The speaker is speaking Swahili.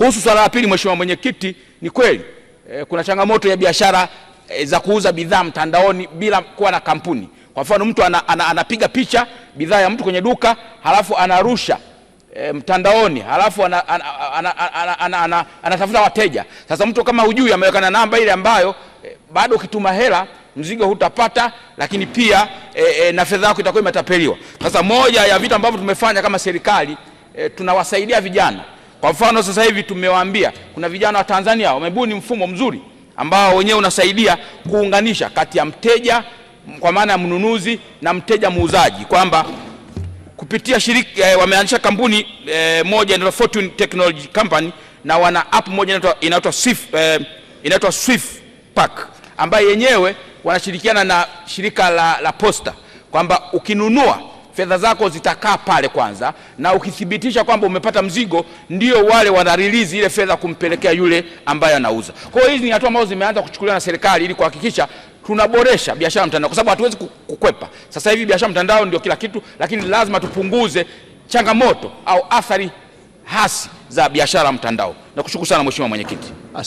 Kuhusu swala la pili, mheshimiwa mwenyekiti, ni kweli e, kuna changamoto ya biashara e, za kuuza bidhaa mtandaoni bila kuwa na kampuni. Kwa mfano mtu ana, ana, anapiga picha bidhaa ya mtu kwenye duka halafu anarusha e, mtandaoni halafu anatafuta wateja. Sasa mtu kama hujui na namba ile ambayo e, bado ukituma hela mzigo hutapata, lakini pia e, e, na fedha yako itakuwa imetapeliwa. Sasa moja ya vitu ambavyo tumefanya kama serikali e, tunawasaidia vijana kwa mfano sasa hivi tumewaambia kuna vijana wa Tanzania wamebuni mfumo mzuri ambao wenyewe unasaidia kuunganisha kati ya mteja kwa maana ya mnunuzi na mteja muuzaji, kwamba kupitia shirika eh, wameanzisha kampuni eh, moja inaitwa Fortune Technology Company na wana app moja inaitwa Swift, eh, inaitwa Swift Pack ambayo yenyewe wanashirikiana na shirika la, la posta kwamba ukinunua fedha zako zitakaa pale kwanza, na ukithibitisha kwamba umepata mzigo, ndio wale wanarilizi ile fedha kumpelekea yule ambaye anauza. Kwa hiyo hizi ni hatua ambazo zimeanza kuchukuliwa na serikali ili kuhakikisha tunaboresha biashara mtandao, kwa sababu hatuwezi kukwepa. Sasa hivi biashara mtandao ndio kila kitu, lakini lazima tupunguze changamoto au athari hasi za biashara mtandao. Nakushukuru sana Mheshimiwa Mwenyekiti.